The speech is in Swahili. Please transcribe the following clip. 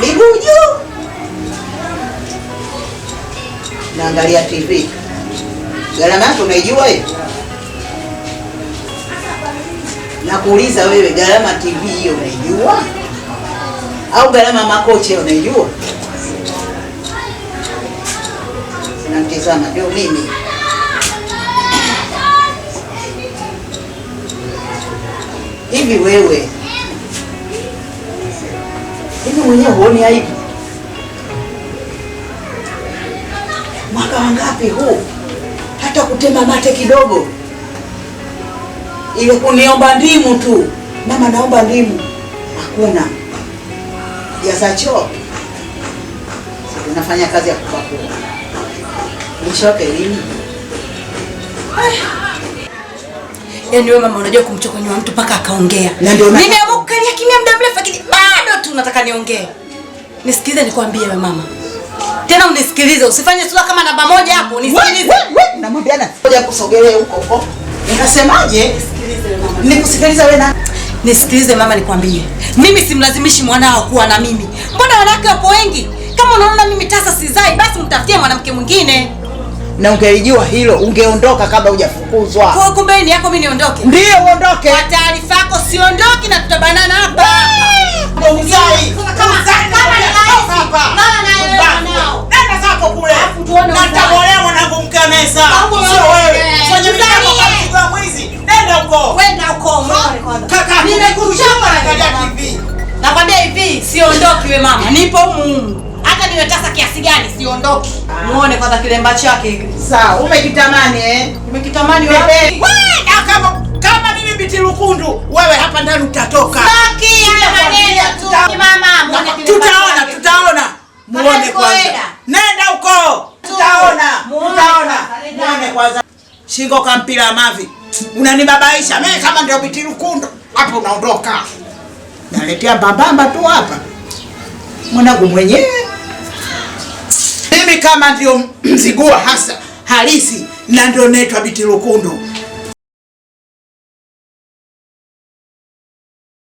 miguu juu, naangalia TV. Gharama yake unaijua hiyo? Nakuuliza wewe, gharama TV hiyo unaijua? au gharama ya makocha unaijua? Unamtizama ndio mimi hivi. Wewe hivi mwenyewe huoni aibu? Mwaka wangapi huu? Hata kutema mate kidogo ile kuniomba ndimu tu, mama, naomba ndimu, hakuna ya za choo, unafanya kazi ya kupakua. Ulishoka lini? Yaani wewe mama unajua kumchokonyoa mtu mpaka akaongea. Nimeamua kukalia kimya muda mrefu lakini bado tu nataka niongee. Nisikilize nikwambie wewe mama. Tena unisikilize, usifanye sura kama namba moja hapo, nisikilize. Namwambia na ngoja kusogelea huko huko. Nikasemaje? Nisikilize mama. Nikusikiliza wewe na Nisikilize mama, nikwambie, mimi simlazimishi mwanao kuwa na mimi. Mbona wanawake wapo wengi? Kama unaona mimi tasa sizai, basi mtafutie mwanamke mwingine. Na ungelijua hilo ungeondoka kabla hujafukuzwa. Kwa kumbe ni yako, mimi niondoke? Ndio, uondoke. Kwa taarifa yako, siondoki na tutabanana hapa. mama, nipo Mungu. Hata niwetasa kiasi gani siondoki. Muone kwanza kilemba chake. Sawa, umekitamani eh? Umekitamani wewe. Wewe kama kama mimi biti lukundu, wewe hapa ndani utatoka. Saki haya maneno tu. Mama, muone kilemba. Tutaona, tutaona. Muone kwanza. Nenda huko. Tutaona. Tutaona. Muone kwanza. Shingo kampira mavi. Unanibabaisha. Mimi kama ndio biti lukundu, hapo unaondoka. Naletea babamba tu hapa mwanangu mwenyewe. Mimi kama ndio mzigua hasa halisi na ndio naitwa Biti rukundu